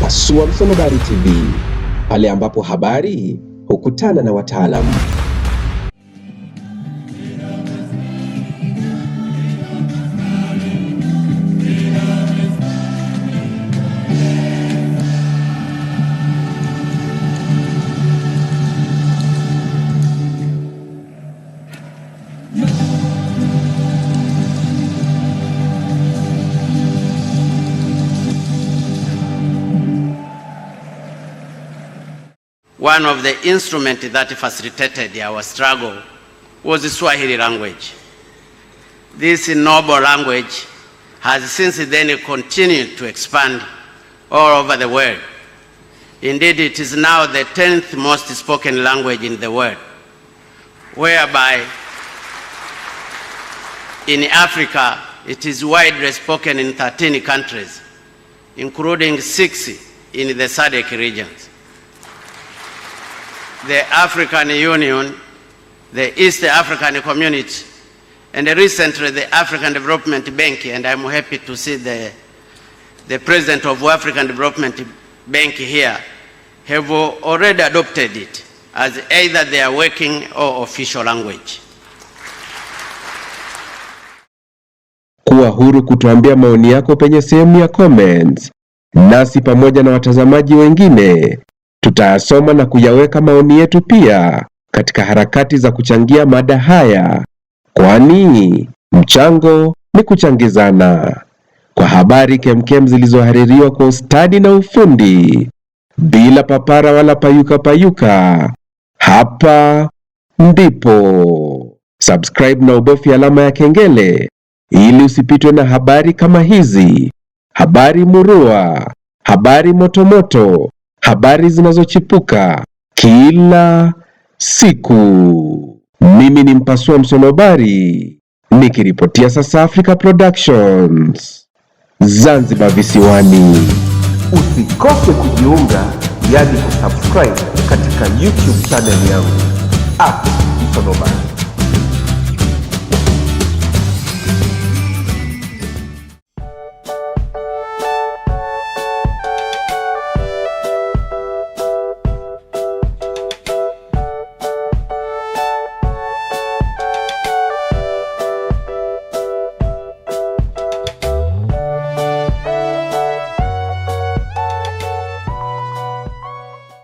Pasua Msonobari TV, pale ambapo habari hukutana na wataalamu. one of the instruments that facilitated our struggle was the Swahili language. This noble language has since then continued to expand all over the world. Indeed, it is now the 10th most spoken language in the world, whereby in Africa it is widely spoken in 13 countries, including six in the SADC regions the African Union, the East African Community, and recently the African Development Bank. And I'm happy to see the, the president of African Development Bank here have already adopted it as either their working or official language. Kuwa huru kutuambia maoni yako penye sehemu ya comments, nasi pamoja na watazamaji wengine Tutayasoma na kuyaweka maoni yetu pia katika harakati za kuchangia mada haya, kwani mchango ni kuchangizana. Kwa habari kemkem zilizohaririwa kwa ustadi na ufundi, bila papara wala payuka payuka, hapa ndipo. Subscribe na ubofi alama ya kengele ili usipitwe na habari kama hizi, habari murua, habari motomoto habari zinazochipuka kila siku. Mimi ni mpasua msonobari nikiripotia sasa Africa Productions Zanzibar visiwani. Usikose kujiunga yani kusubscribe katika YouTube channel yangu Msonobari.